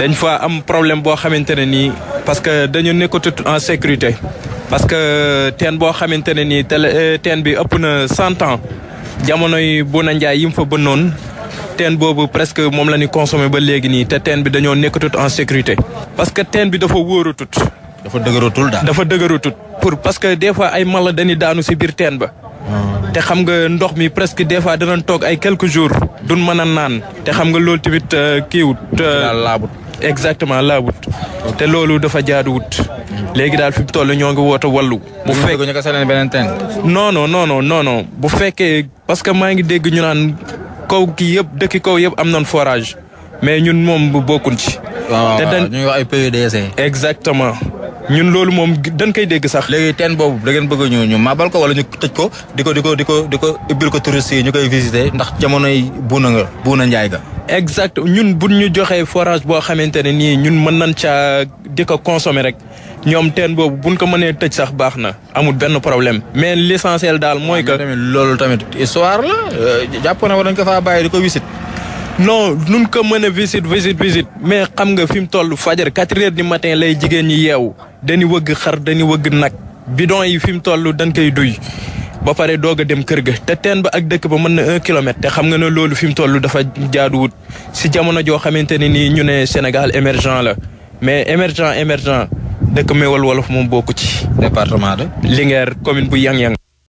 dañ fa am problème boo xamante ne nii parce que dañu nekkatut en sécurité parce que euh, teen boo xamante ne nii tele euh, teen bi ëpp na cent ans jamonoy Bouna Ndiaye yi mu fa bënnoon teen boobu presque moom la ñu consommé ba léegi nii te teen bi dañoo nekkatut en sécurité. parce que teen bi dafa wóoratut. dafa dëgëratul daal dafa dëgëratul. pour parce que des fois ay mala dañuy daanu si biir teen ba. te xam nga ndox mi presque des fois danañ toog ay quelque jours duñ mën a naan te xam nga loolu tamit euh, kiiwut euh, laabut exactement laabut te loolu dafa jaaduwut mm. léegi daal fi mu toll ñoo ngi woote wallu bu fekkee ñu ko saleen beneen teen non non non non non fekkee parce que maa ngi dégg ñu naan kaw ki yëpp dëkki kaw yëpp am nañ forage mais ñun moom bu bokkun ci te dañ ñu wax ay PUDC exactement ñun loolu moom dañ koy dégg sax. léegi teen boobu da ngeen bëgg ñu ñu mabal ko wala ñu tëj ko di ko di ko di ko di ko ubbil ko touristes yi ñu koy visité ndax jamonoy buuna nga buuna njaay ga. exact ñun bu ñu joxee forage boo xamante ne nii ñun mën nañ caa di ko consommer rek. ñoom teen boobu buñ ko mënee tëj sax baax na amul benn problème mais l'essentiel daal mooy ah, que. loolu tamit histoire la euh, jàpp na war nañ ko faa bàyyi di ko wisit. non nun ko mën a visite visite visite mais xam nga fi mu toll fajar quatre heures du matin lay jigéen ñi yeewu dañu wëgg xar dañu wëgg nag bidon yi fi mu toll dañ koy duy ba pare doog a dem kër ga te teen ba ak dëkk ba mën na un kilomètre te xam nga ne loolu fi mu toll dafa jaaduwut si jamono joo xamante ni nii ñu ne Sénégal émergent la mais émergent émergent dëkk Meewal Wolof moom bokk ci département la Linguère commune bu Yang Yang